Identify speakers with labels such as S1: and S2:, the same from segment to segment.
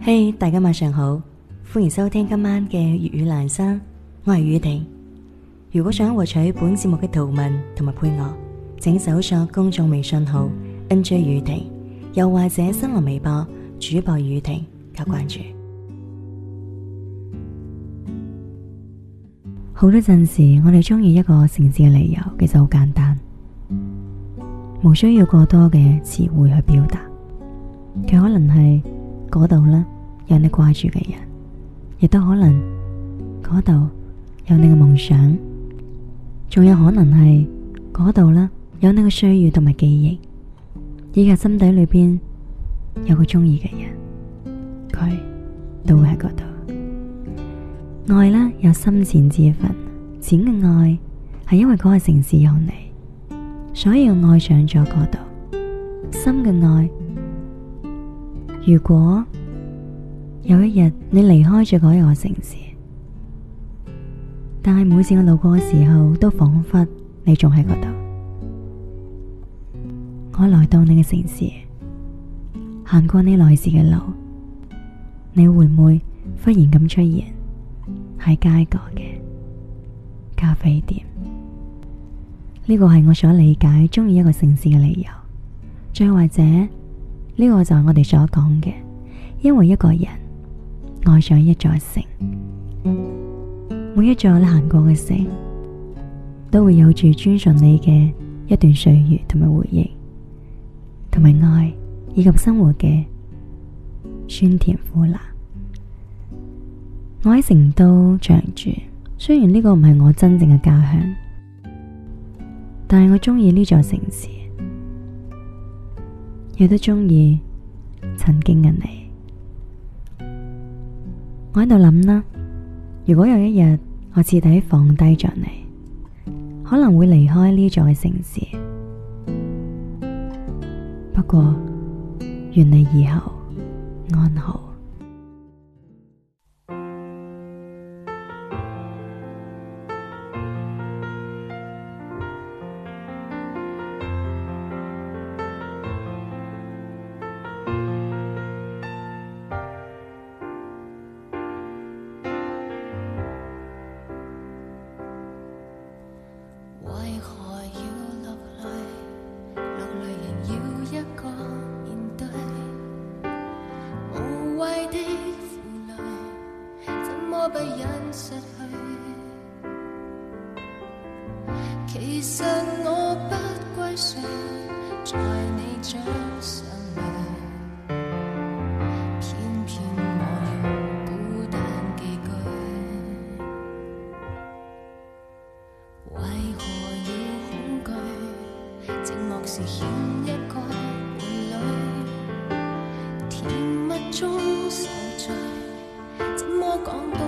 S1: 嘿，hey, 大家晚上好，歡迎收聽今晚嘅粵語闌珊，我係宇婷。如果想獲取本節目嘅圖文同埋配樂，請搜索公眾微信號 NJ 宇婷，又或者新浪微博主播宇婷，加關注。好多陣時，我哋中意一個城市嘅理由，其實好簡單，無需要過多嘅詞彙去表達，佢可能係。嗰度呢，有你掛住嘅人，亦都可能嗰度有你嘅夢想，仲有可能係嗰度呢，有你嘅歲月同埋記憶，以及心底裏邊有個中意嘅人，佢都會喺嗰度。愛呢，有深淺之分，淺嘅愛係因為嗰個城市有你，所以我愛上咗嗰度；深嘅愛。如果有一日你離開咗嗰一個城市，但係每次我路過嘅時候，都仿佛你仲喺嗰度。我來到你嘅城市，行過你來時嘅路，你會唔會忽然咁出現喺街角嘅咖啡店？呢個係我所理解中意一個城市嘅理由，再或者。呢個就係我哋所講嘅，因為一個人愛上一座城，每一座你行過嘅城，都會有住專屬你嘅一段歲月同埋回憶，同埋愛以及生活嘅酸甜苦辣。我喺成都長住，雖然呢個唔係我真正嘅家鄉，但係我中意呢座城市。亦都鍾意曾經嘅你，我喺度諗啦。如果有一日我徹底放低咗你，可能會離開呢座嘅城市。不過願你以後安好。
S2: 其實我不歸誰，在你掌上裏，偏偏我遇孤單幾句。為何要恐懼？寂寞時欠一個伴侶。甜蜜中受罪，怎麼講都。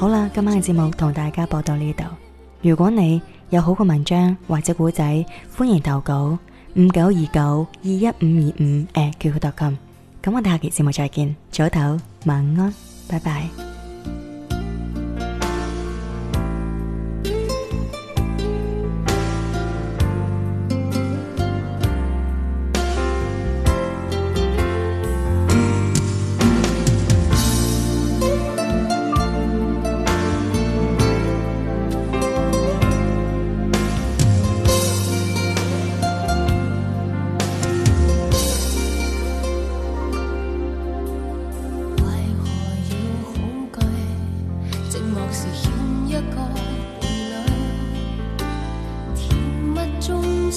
S2: 好啦，
S1: 今晚嘅節目同大家播到呢度。如果你有好嘅文章或者古仔，歡迎投稿五九二九二一五二五 at qq.com 咁我哋下期節目再見，早唞，晚安，拜拜。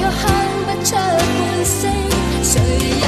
S2: 卻哼不出半聲，誰？